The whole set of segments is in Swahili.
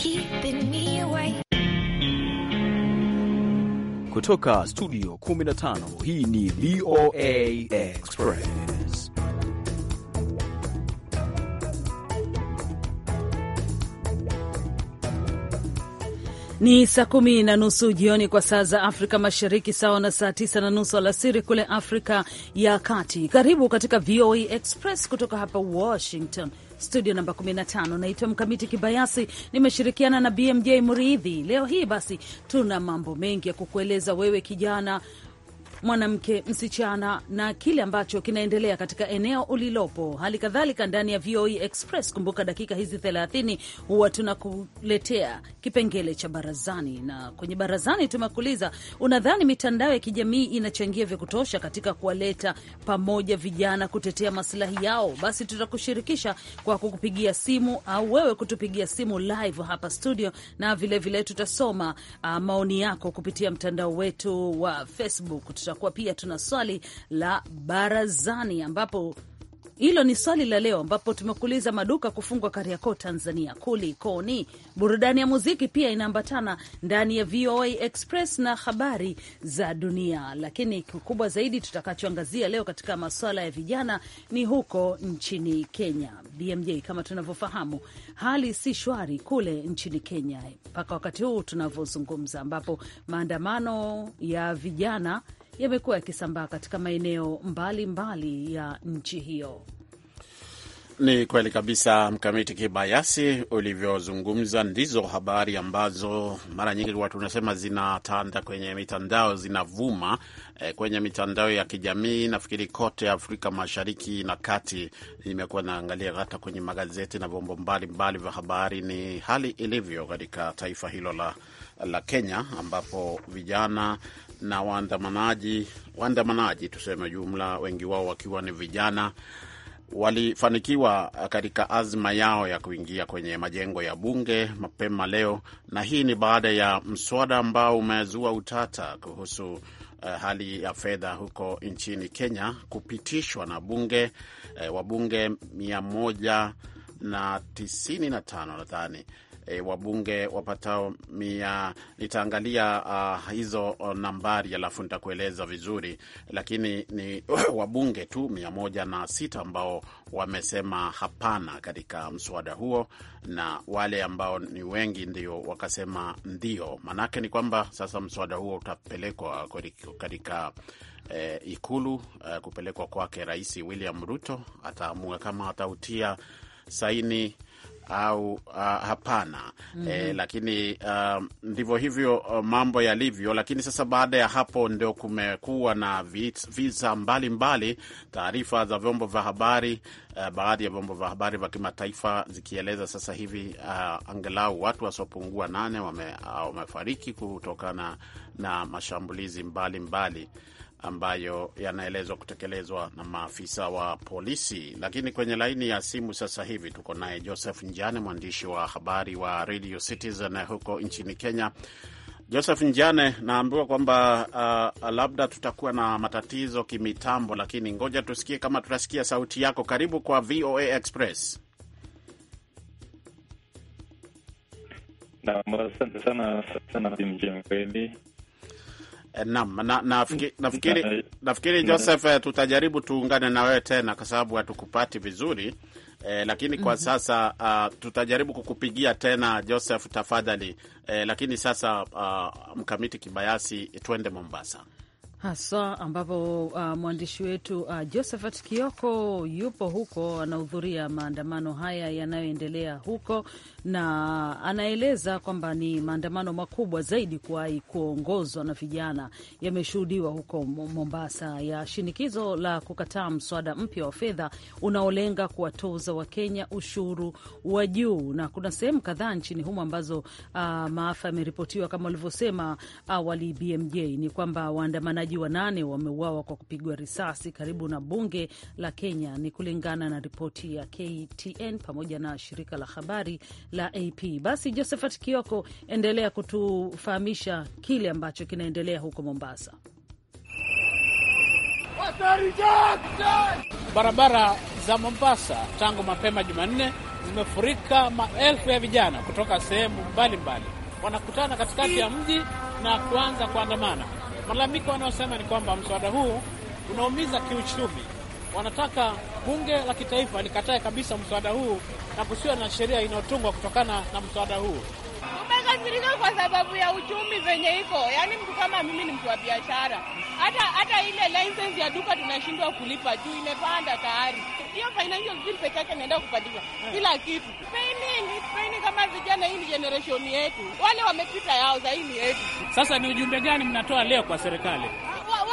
keeping me away. Kutoka studio 15 hii ni VOA Express. Ni saa kumi na nusu jioni kwa saa za Afrika Mashariki, sawa na saa tisa na nusu alasiri kule Afrika ya Kati. Karibu katika VOA Express kutoka hapa Washington studio namba 15. Naitwa Mkamiti Kibayasi, nimeshirikiana na BMJ Muridhi. Leo hii basi tuna mambo mengi ya kukueleza wewe kijana mwanamke, msichana na kile ambacho kinaendelea katika eneo ulilopo, hali kadhalika ndani ya VOA e Express. Kumbuka dakika hizi 30 huwa tunakuletea kipengele cha barazani, na kwenye barazani tumekuuliza, unadhani mitandao ya kijamii inachangia vya kutosha katika kuwaleta pamoja vijana kutetea maslahi yao? Basi tutakushirikisha kwa kukupigia simu au wewe kutupigia simu live hapa studio, na vilevile vile tutasoma uh, maoni yako kupitia mtandao wetu wa Facebook tutakuwa pia tuna swali la barazani ambapo hilo ni swali la leo ambapo tumekuuliza maduka kufungwa Kariakoo, Tanzania, kulikoni? Burudani ya muziki pia inaambatana ndani ya VOA Express na habari za dunia, lakini kikubwa zaidi tutakachoangazia leo katika maswala ya vijana ni huko nchini Kenya. BMJ, kama tunavyofahamu, hali si shwari kule nchini Kenya mpaka wakati huu tunavyozungumza, ambapo maandamano ya vijana yamekuwa yakisambaa katika maeneo mbalimbali ya nchi hiyo. Ni kweli kabisa, Mkamiti Kibayasi, ulivyozungumza ndizo habari ambazo mara nyingi watu unasema zinatanda kwenye mitandao, zinavuma eh, kwenye mitandao ya kijamii. Nafikiri kote Afrika Mashariki na Kati imekuwa naangalia hata kwenye magazeti na vyombo mbalimbali vya habari, ni hali ilivyo katika taifa hilo la la Kenya ambapo vijana na waandamanaji, waandamanaji tuseme jumla, wengi wao wakiwa ni vijana walifanikiwa katika azma yao ya kuingia kwenye majengo ya bunge mapema leo, na hii ni baada ya mswada ambao umezua utata kuhusu uh, hali ya fedha huko nchini Kenya kupitishwa na bunge uh, wabunge mia moja na tisini na tano nadhani e, wabunge wapatao mia. Nitaangalia uh, hizo nambari alafu nitakueleza vizuri, lakini ni wabunge tu mia moja na sita ambao wamesema hapana katika mswada huo, na wale ambao ni wengi ndio wakasema ndio. Maanake ni kwamba sasa mswada huo utapelekwa katika eh, Ikulu eh, kupelekwa kwake Rais William Ruto, ataamua kama atautia saini au uh, hapana mm -hmm. E, lakini uh, ndivyo hivyo uh, mambo yalivyo. Lakini sasa baada ya hapo ndio kumekuwa na visa mbalimbali, taarifa za vyombo vya habari uh, baadhi ya vyombo vya habari vya kimataifa zikieleza sasa hivi uh, angalau watu wasiopungua nane uh, wamefariki uh, kutokana na mashambulizi mbalimbali mbali ambayo yanaelezwa kutekelezwa na maafisa wa polisi. Lakini kwenye laini ya simu sasa hivi tuko naye Joseph Njane, mwandishi wa habari wa Radio Citizen huko nchini Kenya. Joseph Njane, naambiwa kwamba uh, labda tutakuwa na matatizo kimitambo, lakini ngoja tusikie kama tutasikia sauti yako. Karibu kwa VOA Express. Naam, asante sana sana, mjema Mkweli. Eh, naam, na, nafikiri nafikiri Joseph, eh, tutajaribu tuungane na wewe tena kwa sababu hatukupati vizuri eh, lakini kwa mm -hmm. Sasa uh, tutajaribu kukupigia tena Joseph, tafadhali eh, lakini sasa uh, mkamiti kibayasi tuende Mombasa haswa ambapo uh, ah, mwandishi wetu uh, Josephat Kioko yupo huko, anahudhuria maandamano haya yanayoendelea huko na anaeleza kwamba ni maandamano makubwa zaidi kuwahi kuongozwa na vijana yameshuhudiwa huko Mombasa, ya shinikizo la kukataa mswada mpya wa fedha unaolenga kuwatoza Wakenya ushuru wa juu. Na kuna sehemu kadhaa nchini humo ambazo uh, maafa yameripotiwa kama walivyosema awali. BMJ ni kwamba waandamanaji wanane wameuawa kwa kupigwa risasi karibu na bunge la Kenya, ni kulingana na ripoti ya KTN pamoja na shirika la habari la AP. Basi Josephat Kioko, endelea kutufahamisha kile ambacho kinaendelea huko Mombasa. Barabara za Mombasa tangu mapema Jumanne zimefurika maelfu ya vijana kutoka sehemu mbalimbali, wanakutana katikati ya mji na kuanza kuandamana. Malalamiko wanaosema ni kwamba mswada huu unaumiza kiuchumi wanataka bunge la kitaifa likatae kabisa mswada huu na kusiwa na sheria inayotungwa kutokana na mswada huu. Tumekasirika kwa sababu ya uchumi venye iko, yaani mtu kama mimi ni mtu wa biashara, hata hata ile license ya duka tunashindwa kulipa juu imepanda tayari. Hiyo financial bill peke yake inaenda kila kitu. Spending, spending kama vijana, hii ni generation yetu, wale wamepita yao za hii ni yetu. Sasa ni ujumbe gani mnatoa leo kwa serikali?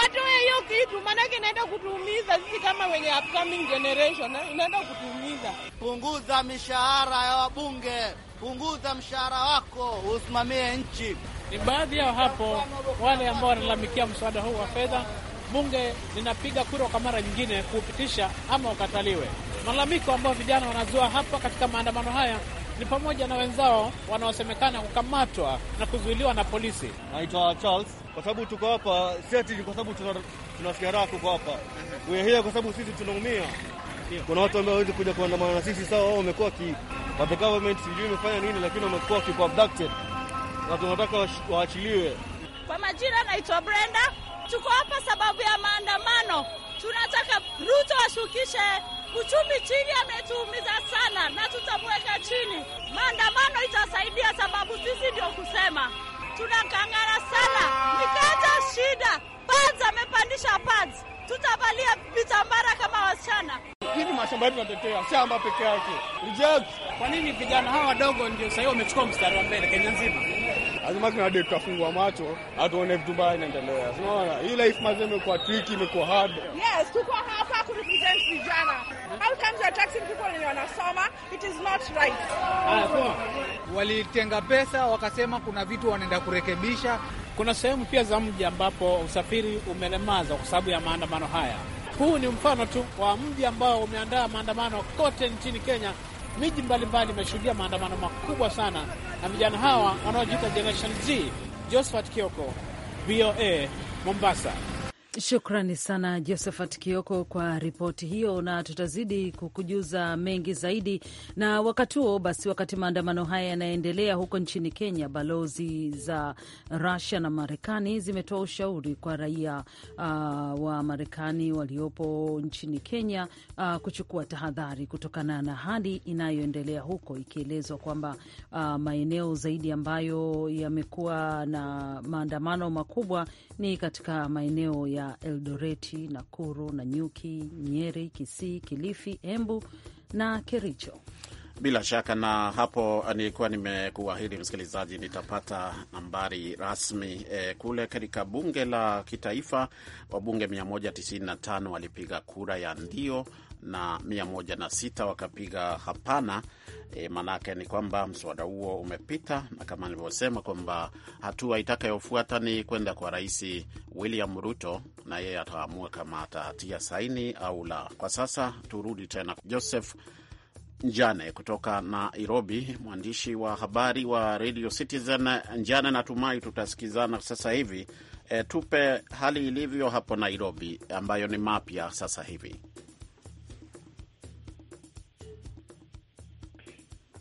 Watoe hiyo kitu inaenda kutuumiza sisi kama wenye upcoming generation, eh? inaenda kutuumiza. Punguza mishahara ya wabunge, punguza mshahara wako, usimamie nchi. Ni baadhi yao hapo, wale ambao wanalalamikia mswada huu wa fedha. Bunge linapiga kura kwa mara nyingine kuupitisha ama ukataliwe. Malalamiko ambayo vijana wanazua hapa katika maandamano haya ni pamoja na wenzao wanaosemekana kukamatwa na kuzuiliwa na polisi. Naitwa Charles. Kwa sababu tuko hapa si kwa sababu tunasikia raha kuko hapa, mhm. we kwa sababu sisi tunaumia. Kuna watu ambao hawezi kuja kuandamana na sisi, sawa, wao wamekuwa ki the government sijui imefanya nini, lakini wamekuwa ki abducted na tunataka waachiliwe. Kwa majina naitwa Brenda. Tuko hapa sababu ya maandamano, tunataka Ruto ashukishe Uchumi chini ametuumiza sana, na tutamweka chini. Maandamano itasaidia, sababu sisi ndio kusema tunakang'ara sana, nikata shida. Pads amepandisha pads, tutavalia vitambara kama wasichana hivi. Mashamba yetu natetea shamba peke yake. Kwa nini vijana hawa wadogo ndio sahii wamechukua mstari wa mbele Kenya nzima? lazima tunade tutafungua macho atuone vitu mbaya inaendelea. Unaona hii life mazee, imekuwa tricky, imekuwa hard. Yes, tuko hapa ku represent vijana. How come you people when you It is not right. Ah, Walitenga pesa wakasema kuna vitu wanaenda kurekebisha. Kuna sehemu pia za mji ambapo usafiri umelemaza kwa sababu ya maandamano haya. Huu ni mfano tu wa mji ambao umeandaa maandamano kote nchini Kenya miji mbalimbali imeshuhudia maandamano makubwa sana na vijana hawa wanaojiita Generation Z. Josephat Kioko, VOA, Mombasa. Shukrani sana Josephat Kioko kwa ripoti hiyo, na tutazidi kukujuza mengi zaidi. Na wakati huo basi, wakati maandamano haya yanaendelea huko nchini Kenya, balozi za rasia na Marekani zimetoa ushauri kwa raia uh, wa Marekani waliopo nchini Kenya uh, kuchukua tahadhari kutokana na hali inayoendelea huko, ikielezwa kwamba uh, maeneo zaidi ambayo yamekuwa na maandamano makubwa ni katika maeneo ya Eldoreti, Nakuru, Nanyuki, Nyeri, Kisii, Kilifi, Embu na Kericho. Bila shaka na hapo nilikuwa nimekuahidi msikilizaji, nitapata nambari rasmi e, kule katika bunge la kitaifa wabunge 195 walipiga kura ya ndio na 106 wakapiga hapana. E, maanake ni kwamba mswada huo umepita, na kama nilivyosema kwamba hatua itakayofuata ni kwenda kwa Rais William Ruto, na yeye ataamua kama atatia saini au la. Kwa sasa turudi tena Joseph Njane kutoka Nairobi, mwandishi wa habari wa Radio Citizen. Njane, natumai tutasikizana sasa hivi. E, tupe hali ilivyo hapo Nairobi ambayo ni mapya sasa hivi.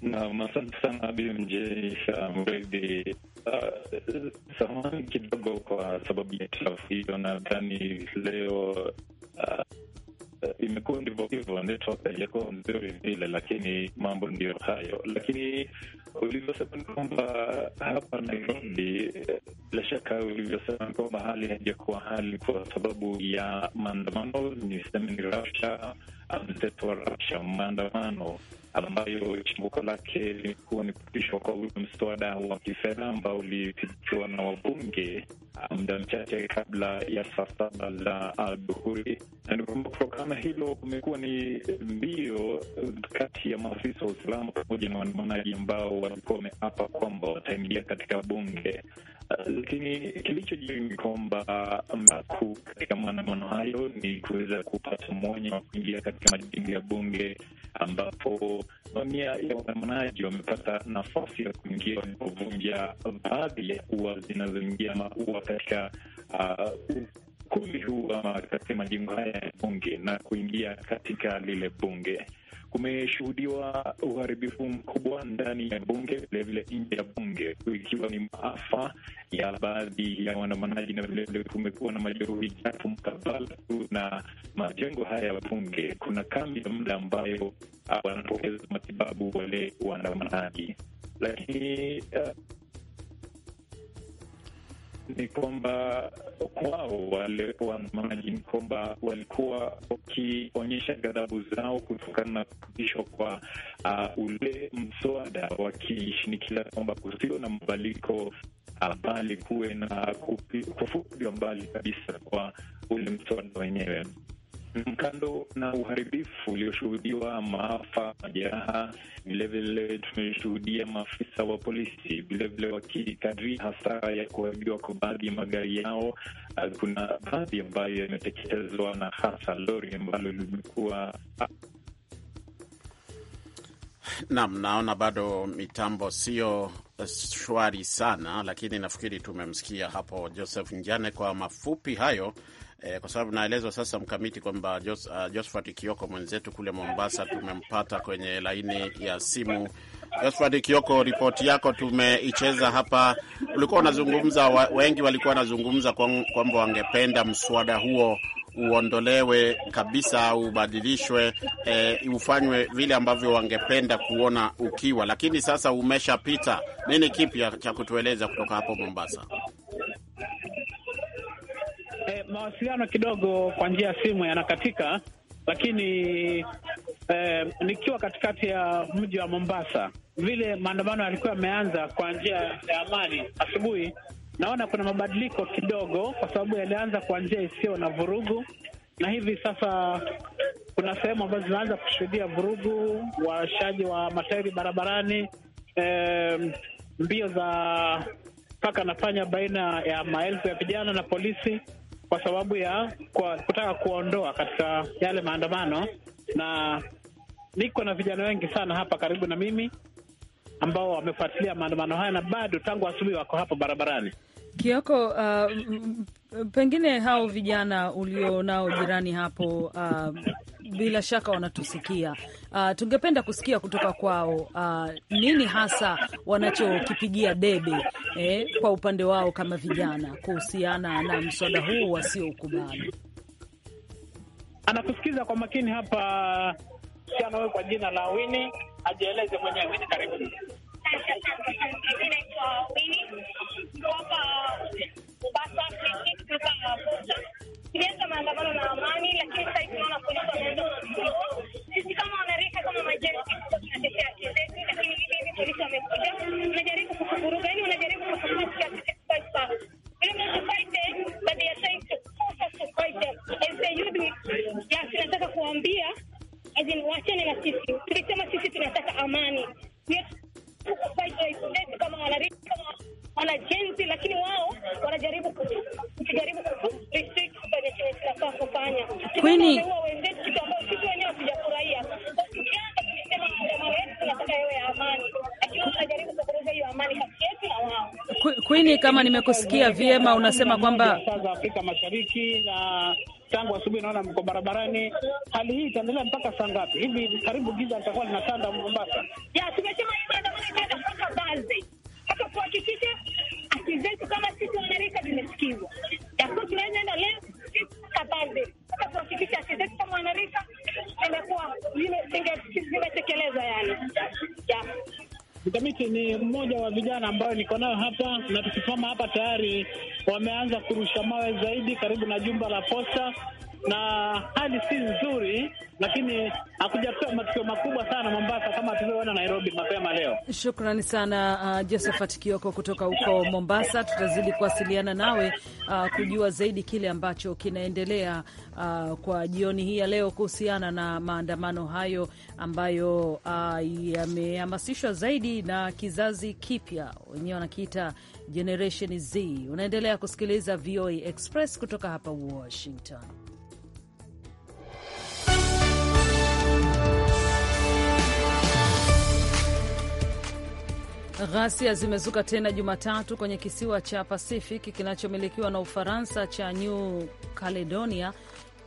Naam, asante sana Bmjsha Mredi. Uh, ah, samahani kidogo kwa sababu ya trafiki, nadhani leo uh, imekuwa ndivyo hivyo, network haijakuwa mzuri vile, lakini mambo ndiyo hayo. Lakini ulivyosema ni kwamba hapa Nairobi, bila shaka ulivyosema ni kwamba hali haijakuwa hali kwa sababu ya maandamano, niseme ni rabsha, mseto wa rafsha maandamano ambayo chimbuko lake limekuwa ni kupitishwa kwa ule mswada wa kifedha ambao ulipitishwa na wabunge ah, muda mchache kabla ya saa saba za adhuhuri. Na ni kwamba kutokana hilo kumekuwa ni mbio kati ya maafisa wa usalama pamoja na waandamanaji ambao walikuwa wameapa kwamba wataingia katika bunge lakini kilicho ni kwamba makuu katika maandamano hayo ni kuweza kupata mwanya wa kuingia katika majengo ya bunge, ambapo mamia ya waandamanaji wamepata nafasi ya kuingia walipovunja baadhi ya ua zinazoingia maua katika uh, huu ama katika majengo haya ya bunge na kuingia katika lile bunge kumeshuhudiwa uharibifu mkubwa ndani ya bunge, vilevile nje ya bunge, ikiwa ni maafa ya baadhi ya waandamanaji na vilevile kumekuwa na majeruhi, japo mkabala tu na majengo haya ya bunge kuna kambi ya muda ambayo ah, wanapokeza matibabu wale waandamanaji, lakini uh, ni kwamba kwao waliokuwa maji ni kwamba walikuwa wakionyesha ghadhabu zao kutokana na kupitishwa kwa uh, ule mswada, wakishinikiza kwamba kusio na mabadiliko uh, bali kuwe na kufutiliwa mbali kabisa kwa ule mswada wenyewe. Kando na uharibifu ulioshuhudiwa, maafa, majeraha, vilevile tumeshuhudia maafisa wa polisi vilevile wakikadri hasara ya kuharibiwa kwa baadhi ya magari yao. Ah, kuna baadhi ambayo yameteketezwa na hasa lori ambalo limekuwa nam naona bado mitambo sio shwari sana, lakini nafikiri tumemsikia hapo Joseph Njane kwa mafupi hayo e, kwa sababu naelezwa sasa mkamiti kwamba Jos, uh, Kioko mwenzetu kule Mombasa tumempata kwenye laini ya simu. Josphat Kioko, ripoti yako tumeicheza hapa. Ulikuwa unazungumza wa, wengi walikuwa wanazungumza kwamba wangependa mswada huo uondolewe kabisa au ubadilishwe, e, ufanywe vile ambavyo wangependa kuona ukiwa, lakini sasa umeshapita. Nini kipya cha kutueleza kutoka hapo Mombasa? mawasiliano kidogo kwa njia ya simu yanakatika, lakini eh, nikiwa katikati ya mji wa Mombasa, vile maandamano yalikuwa yameanza kwa njia ya amani asubuhi, naona kuna mabadiliko kidogo, kwa sababu yalianza kwa njia isiyo na vurugu, na hivi sasa kuna sehemu ambazo zinaanza kushuhudia vurugu, washaji wa matairi barabarani, eh, mbio za paka nafanya baina ya maelfu ya vijana na polisi kwa sababu ya kwa kutaka kuondoa katika yale maandamano, na niko na vijana wengi sana hapa karibu na mimi ambao wamefuatilia maandamano haya na bado tangu asubuhi wako hapo barabarani. Kioko, uh, pengine hao vijana ulionao jirani hapo, uh, bila shaka wanatusikia. Uh, tungependa kusikia kutoka kwao uh, nini hasa wanachokipigia debe eh, kwa upande wao kama vijana kuhusiana na mswada huu wasioukubali. Anakusikiza kwa makini hapa msichana wewe, kwa jina la Wini, ajieleze mwenyewe. Wini, karibu. Tulianza maandamano na amani, lakini sasa hivi tunaona polisi wameanza sisi kama wanarika, kama majaji tunatetea haki zetu, lakini hivi hivi polisi wamekuja, wanajaribu kukuvuruga, yani wanajaribu kuambia, wachane na sisi. Tulisema sisi tunataka amani. kweli Kwini, kama nimekusikia vyema, unasema kwamba Afrika Mashariki na tangu asubuhi naona mko barabarani. Hali hii itaendelea mpaka saa ngapi hivi? Karibu giza litakuwa linatanda Mombasa. wa vijana ambayo niko nayo hapa, na tukisimama hapa tayari wameanza kurusha mawe zaidi karibu na jumba la posta na hali si nzuri, lakini hakujapewa matukio makubwa sana Mombasa kama tulivyoona Nairobi mapema leo. Shukrani sana uh, Josephat Kioko kutoka huko Mombasa. Tutazidi kuwasiliana nawe uh, kujua zaidi kile ambacho kinaendelea uh, kwa jioni hii ya leo kuhusiana na maandamano hayo ambayo uh, yamehamasishwa zaidi na kizazi kipya, wenyewe wanakiita Generation Z. Unaendelea kusikiliza VOA Express kutoka hapa Washington. Ghasia zimezuka tena Jumatatu kwenye kisiwa cha Pacific kinachomilikiwa na Ufaransa cha New Caledonia,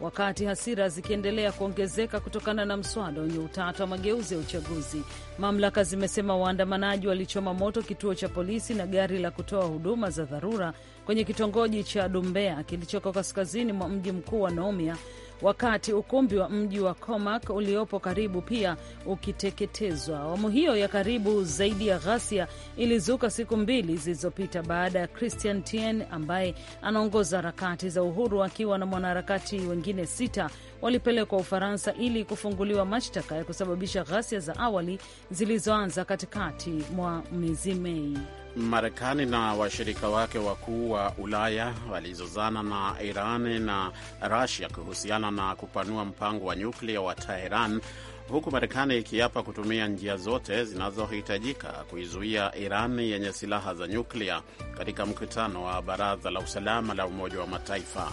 wakati hasira zikiendelea kuongezeka kutokana na mswada wenye utata wa mageuzi ya uchaguzi. Mamlaka zimesema waandamanaji walichoma moto kituo cha polisi na gari la kutoa huduma za dharura kwenye kitongoji cha Dumbea kilichoko kaskazini mwa mji mkuu wa Nomia wakati ukumbi wa mji wa Comac uliopo karibu pia ukiteketezwa. Awamu hiyo ya karibu zaidi ya ghasia ilizuka siku mbili zilizopita baada ya Christian Tien ambaye anaongoza harakati za uhuru akiwa na mwanaharakati wengine sita walipelekwa Ufaransa ili kufunguliwa mashtaka ya kusababisha ghasia za awali zilizoanza katikati mwa mwezi Mei. Marekani na washirika wake wakuu wa Ulaya walizozana na Iran na Rasia kuhusiana na kupanua mpango wa nyuklia wa Teheran, huku Marekani ikiapa kutumia njia zote zinazohitajika kuizuia Iran yenye silaha za nyuklia katika mkutano wa Baraza la Usalama la Umoja wa Mataifa.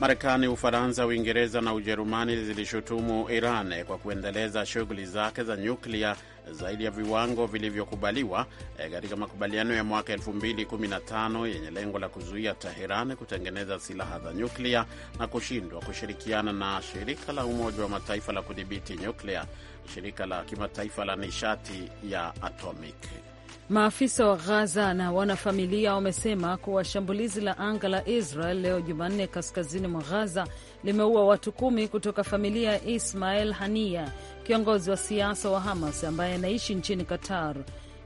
Marekani, Ufaransa, Uingereza na Ujerumani zilishutumu Iran kwa kuendeleza shughuli zake za nyuklia zaidi ya viwango vilivyokubaliwa e, katika makubaliano ya mwaka 2015 yenye lengo la kuzuia Teheran kutengeneza silaha za nyuklia na kushindwa kushirikiana na shirika la Umoja wa Mataifa la kudhibiti nyuklia, shirika la kimataifa la nishati ya atomic. Maafisa wa Ghaza na wanafamilia wamesema kuwa shambulizi la anga la Israel leo Jumanne kaskazini mwa Ghaza limeua watu kumi kutoka familia ya ismael hania kiongozi wa siasa wa Hamas ambaye anaishi nchini Qatar.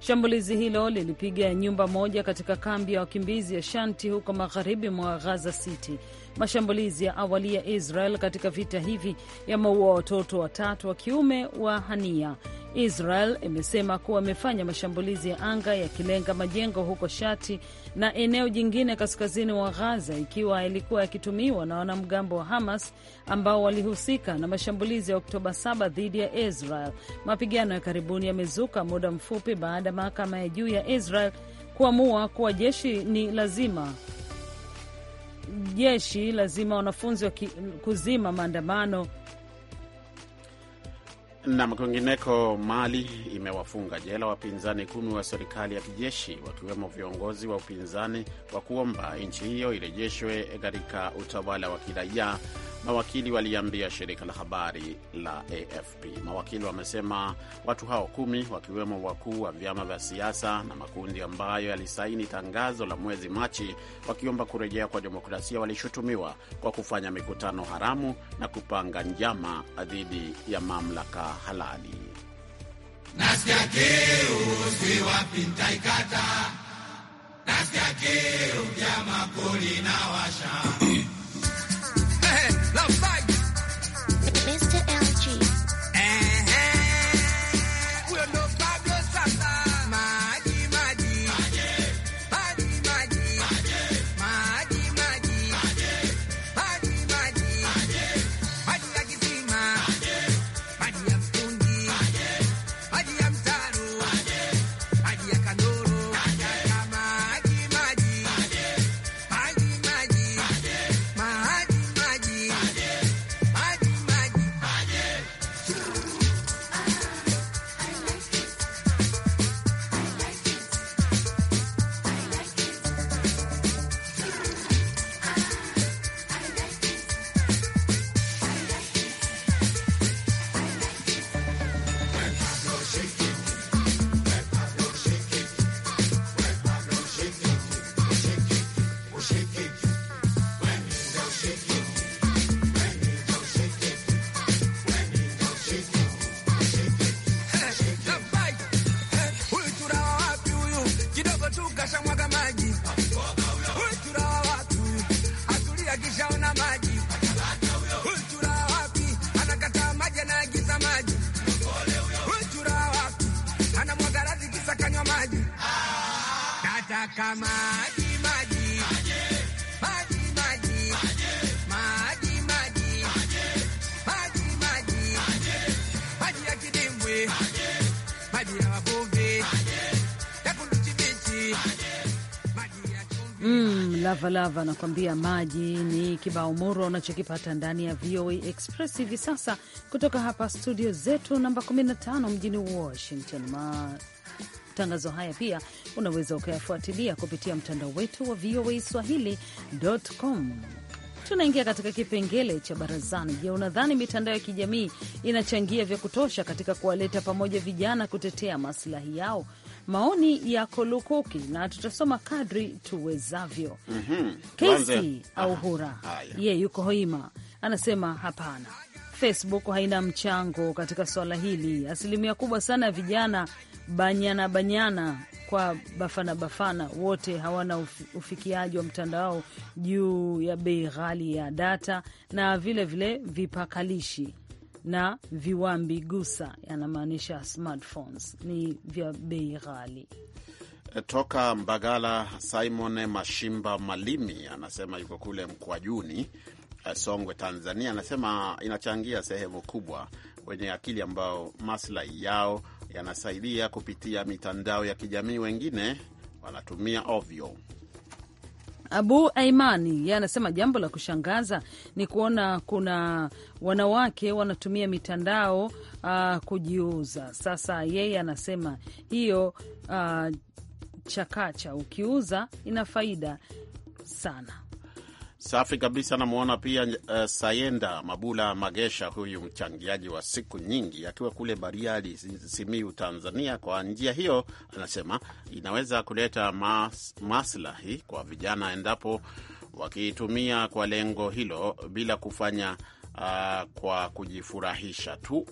Shambulizi hilo lilipiga nyumba moja katika kambi ya wakimbizi ya Shanti huko magharibi mwa Gaza City. Mashambulizi ya awali ya Israel katika vita hivi yameua watoto watatu wa kiume wa Hania. Israel imesema kuwa imefanya mashambulizi ya anga yakilenga majengo huko Shati na eneo jingine kaskazini wa Gaza, ikiwa ilikuwa yakitumiwa na wanamgambo wa Hamas ambao walihusika na mashambulizi ya Oktoba 7 dhidi ya Israel. Mapigano ya karibuni yamezuka muda mfupi baada ya mahakama ya juu ya Israel kuamua kuwa jeshi ni lazima jeshi lazima wanafunzi kuzima maandamano Nam, kwingineko, Mali imewafunga jela wapinzani kumi wa serikali ya kijeshi wakiwemo viongozi wa upinzani wa kuomba nchi hiyo irejeshwe katika utawala wa kiraia, mawakili waliambia shirika la habari la AFP. Mawakili wamesema watu hao kumi wakiwemo wakuu wa vyama vya siasa na makundi ambayo yalisaini tangazo la mwezi Machi wakiomba kurejea kwa demokrasia walishutumiwa kwa kufanya mikutano haramu na kupanga njama dhidi ya mamlaka halali. Nasikia kiu si wapi ntaikata, nasikia kiu vya makoli nawa Lavalava anakuambia maji ni kibao murwa unachokipata ndani ya VOA Express hivi sasa, kutoka hapa studio zetu namba 15 mjini Washington. Matangazo haya pia unaweza ukayafuatilia kupitia mtandao wetu wa VOA Swahili.com. Tunaingia katika kipengele cha barazani. Je, unadhani mitandao ya kijamii inachangia vya kutosha katika kuwaleta pamoja vijana kutetea maslahi yao? maoni yako lukuki na tutasoma kadri tuwezavyo. mm -hmm. Kesi au Hura ye yuko Hoima anasema hapana, Facebook haina mchango katika swala hili. Asilimia kubwa sana ya vijana banyana banyana kwa bafana bafana wote hawana ufikiaji wa mtandao juu ya bei ghali ya data na vilevile vile vipakalishi na viwambi gusa, yanamaanisha smartphones, ni vya bei ghali. Eh, toka Mbagala, Simon Mashimba Malimi anasema yuko kule Mkwajuni, eh, Songwe, Tanzania. Anasema inachangia sehemu kubwa wenye akili ambao maslahi yao yanasaidia kupitia mitandao ya kijamii, wengine wanatumia ovyo. Abu Aimani yeye anasema jambo la kushangaza ni kuona kuna wanawake wanatumia mitandao uh, kujiuza. Sasa yeye anasema hiyo uh, chakacha ukiuza ina faida sana Safi kabisa. Namwona pia uh, Sayenda Mabula Magesha, huyu mchangiaji wa siku nyingi akiwa kule Bariadi, Simiu, Tanzania. Kwa njia hiyo, anasema inaweza kuleta mas, maslahi kwa vijana endapo wakiitumia kwa lengo hilo bila kufanya Uh, kwa kujifurahisha tu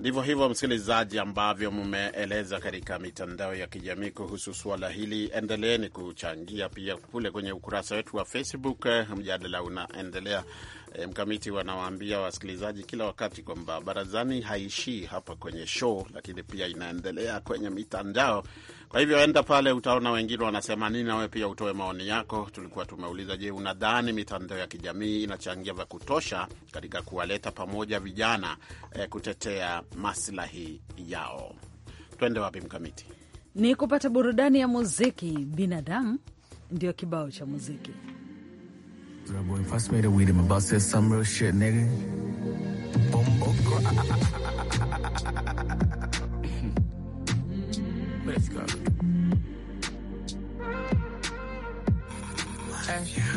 Ndivyo hivyo, msikilizaji, ambavyo mmeeleza katika mitandao ya kijamii kuhusu suala hili. Endeleeni kuchangia pia kule kwenye ukurasa wetu wa Facebook. Mjadala unaendelea. E, Mkamiti wanawaambia wasikilizaji kila wakati kwamba barazani haishii hapa kwenye show, lakini pia inaendelea kwenye mitandao. Kwa hivyo enda pale, utaona wengine wanasema nini, nawe pia utoe maoni yako. Tulikuwa tumeuliza, je, unadhani mitandao ya kijamii inachangia vya kutosha katika kuwaleta pamoja vijana e, kutetea maslahi yao. Twende wapi Mkamiti? Ni kupata burudani ya muziki. Binadamu ndio kibao cha muziki.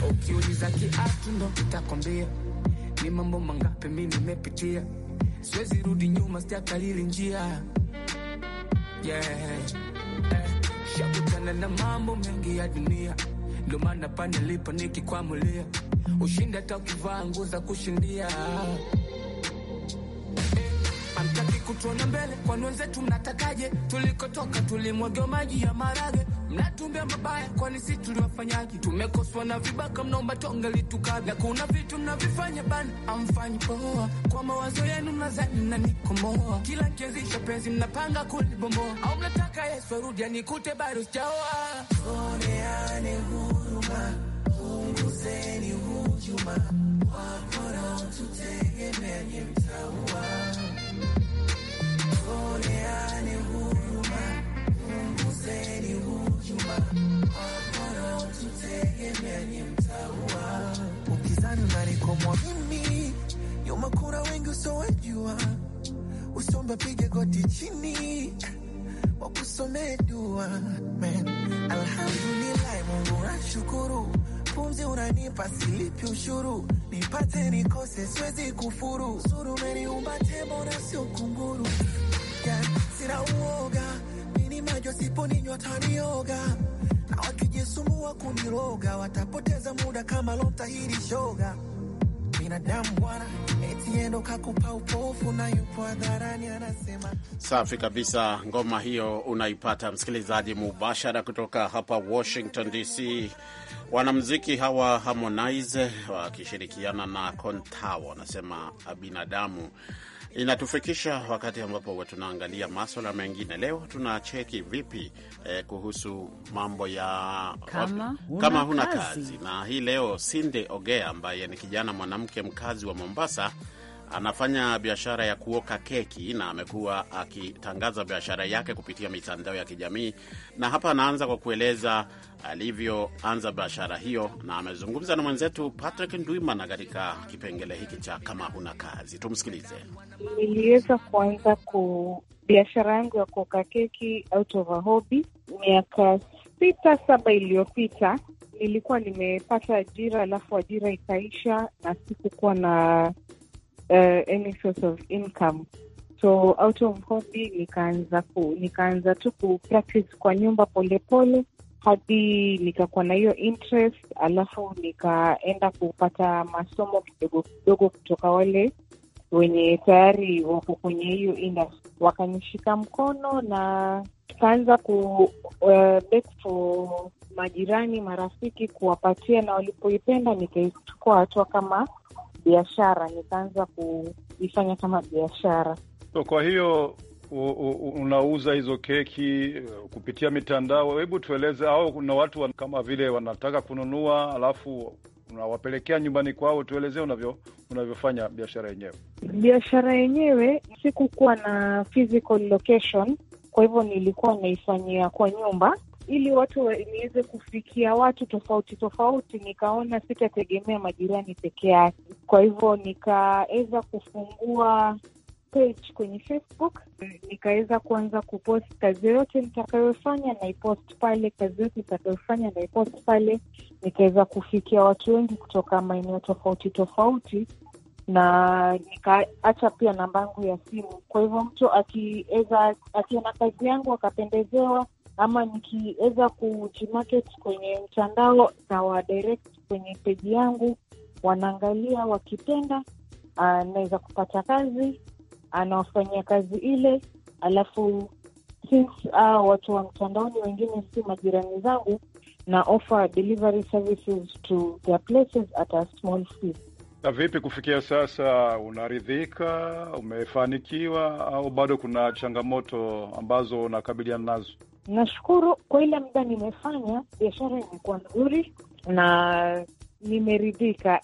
Ukiuliza kiatu ndo kitakwambia ni mambo mangapi mi nimepitia siwezi rudi nyuma, sitakalili njia yeah. Eh, shakutana na mambo mengi ya dunia, ndo maana panilipo nikikwamulia ushindi hata ukivaa nguo za kushindia amtaki eh, kutuona mbele, kwa wenzetu mnatakaje? Tulikotoka tulimwagea maji ya marage mnatumbia mabaya, kwani si tuliwafanyaji? Tumekoswa na vibaka, mnaomba tonga na Kuna vitu mnavifanya bana, amfanyi poa. Kwa mawazo yenu mnazani mnanikomoa, kila kianzisha penzi mnapanga kulibomboa, au mnataka Yesu arudi anikute bado sijaoa. Tuoneane huruma, punguzeni hujuma kama kuna wengi usowajua, usomba pige goti chini wakusomee dua. Alhamdulilahi, Mungu nashukuru, pumzi unanipa silipi ushuru, nipate nikose siwezi kufuru, suru umeniumba tembo na sio kunguru, sina uoga mini majo siponinywa tanioga na wakijisumbua kuniroga watapoteza muda kama lota hili shoga Safi kabisa, ngoma hiyo unaipata msikilizaji mubashara kutoka hapa Washington DC. Wanamziki hawa Harmonize wakishirikiana na Kontawa wanasema binadamu Inatufikisha wakati ambapo tunaangalia maswala mengine. Leo tunacheki vipi eh, kuhusu mambo ya kama, kama huna kazi. kazi na hii leo Sinde Ogea ambaye ni kijana mwanamke mkazi wa Mombasa Anafanya biashara ya kuoka keki na amekuwa akitangaza biashara yake kupitia mitandao ya kijamii, na hapa anaanza kwa kueleza alivyoanza biashara hiyo, na amezungumza na mwenzetu Patrick Ndwimana katika kipengele hiki cha kama huna kazi. Tumsikilize. Niliweza kuanza ku biashara yangu ya kuoka keki out of a hobby miaka sita saba iliyopita nilikuwa nimepata ajira, alafu ajira ikaisha na sikukuwa na uh, any source of income so out of hobby nikaanza ku, nikaanza tu ku practice kwa nyumba polepole hadi nikakuwa na hiyo interest, alafu nikaenda kupata masomo kidogo kidogo kutoka wale wenye tayari wako kwenye hiyo industry, wakanishika mkono na tukaanza ku uh, for majirani, marafiki, kuwapatia na walipoipenda nikaichukua hatua kama biashara, nikaanza kuifanya kama biashara. So, kwa hiyo unauza hizo keki uh, kupitia mitandao. Hebu tueleze, au kuna watu wa, kama vile wanataka kununua alafu unawapelekea nyumbani kwao? Tuelezee unavyo unavyofanya biashara yenyewe. Biashara yenyewe sikukuwa na physical location, kwa hivyo nilikuwa naifanyia kwa nyumba ili watu niweze kufikia watu tofauti tofauti, nikaona sitategemea majirani peke yake. Kwa hivyo nikaweza kufungua page kwenye Facebook, nikaweza kuanza kupost kazi yote nitakayofanya naipost pale, kazi yote nitakayofanya naipost pale. Nikaweza kufikia watu wengi kutoka maeneo tofauti tofauti, na nikaacha pia namba yangu ya simu. Kwa hivyo mtu akiweza, akiona kazi yangu akapendezewa ama nikiweza kujimarket kwenye mtandao na wa direct kwenye peji yangu, wanaangalia wakipenda, ah, naweza kupata kazi, anawafanyia ah, kazi ile. Alafu since uh, watu wa mtandaoni wengine si majirani zangu, na offer delivery services to their places at a small fee. Na vipi kufikia sasa, unaridhika? Umefanikiwa au bado kuna changamoto ambazo unakabiliana nazo? Nashukuru kwa ile muda nimefanya biashara, imekuwa nzuri na nimeridhika,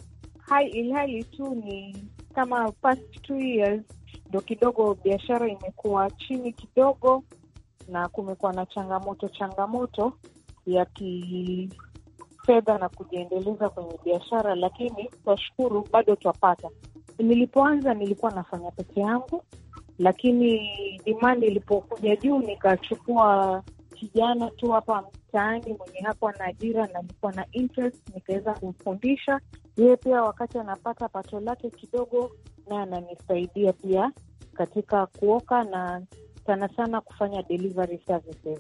ilhali tu ni kama past two years ndo kidogo biashara imekuwa chini kidogo, na kumekuwa na changamoto changamoto ya kifedha na kujiendeleza kwenye biashara, lakini twashukuru bado twapata. Nilipoanza nilikuwa nafanya peke yangu, lakini dimandi ilipokuja juu, nikachukua kijana tu hapa mtaani mwenye hakuwa na ajira na alikuwa na interest, nikaweza kumfundisha yeye pia. Wakati anapata pato lake kidogo, naye ananisaidia pia katika kuoka na sana sana kufanya delivery services.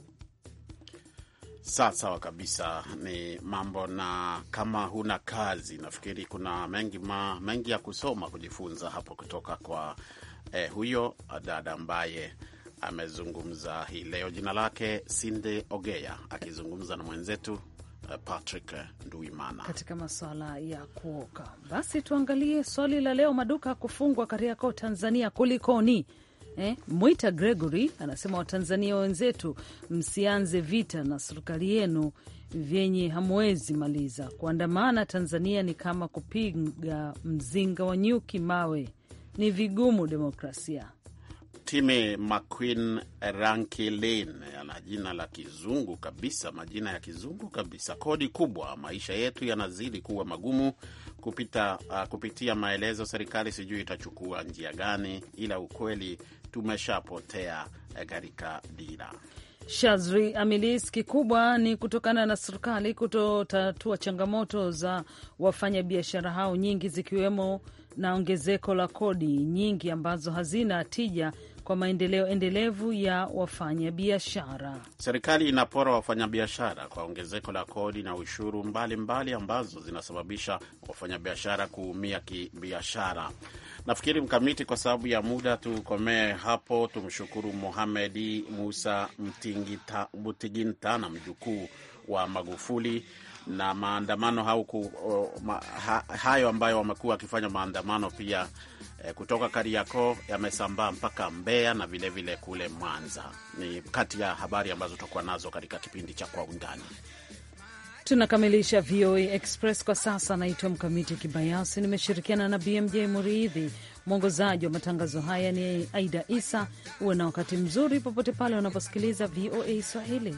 Sawa sawa kabisa, ni mambo na kama huna kazi, nafikiri kuna mengi ma, mengi ya kusoma kujifunza hapo kutoka kwa eh, huyo dada ambaye amezungumza hii leo, jina lake Sinde Ogeya, akizungumza na mwenzetu eh, Patrick Nduimana katika masuala ya kuoka. Basi tuangalie swali la leo, maduka kufungwa Kariakoo, Tanzania, kulikoni? Eh, Mwita Gregory anasema Watanzania wenzetu, msianze vita na serikali yenu vyenye hamwezi maliza. Kuandamana Tanzania ni kama kupiga mzinga wa nyuki mawe ni vigumu demokrasia. Timi McQueen Lin ana jina la kizungu kabisa, majina ya kizungu kabisa. Kodi kubwa, maisha yetu yanazidi kuwa magumu kupita, uh, kupitia maelezo. Serikali sijui itachukua njia gani, ila ukweli tumeshapotea eh, katika dira. Shazri Amilis, kikubwa ni kutokana na serikali kutotatua changamoto za wafanyabiashara hao, nyingi zikiwemo na ongezeko la kodi nyingi ambazo hazina tija kwa maendeleo endelevu ya wafanyabiashara. Serikali inapora wafanyabiashara kwa ongezeko la kodi na ushuru mbalimbali mbali ambazo zinasababisha wafanyabiashara kuumia kibiashara. Nafikiri Mkamiti, kwa sababu ya muda tukomee hapo. Tumshukuru muhamedi Musa Mtingita, na mjukuu wa Magufuli na maandamano hauku, o, ma, ha, hayo ambayo wamekuwa wakifanya maandamano pia e, kutoka Kariakoo yamesambaa mpaka Mbeya na vilevile vile kule Mwanza. Ni kati ya habari ambazo tutakuwa nazo katika kipindi cha Kwa Undani. Tunakamilisha VOA Express kwa sasa. Naitwa Mkamiti Kibayasi, nimeshirikiana na BMJ Muridhi. Mwongozaji wa matangazo haya ni Aida Isa. Uwe na wakati mzuri popote pale unaposikiliza VOA Swahili.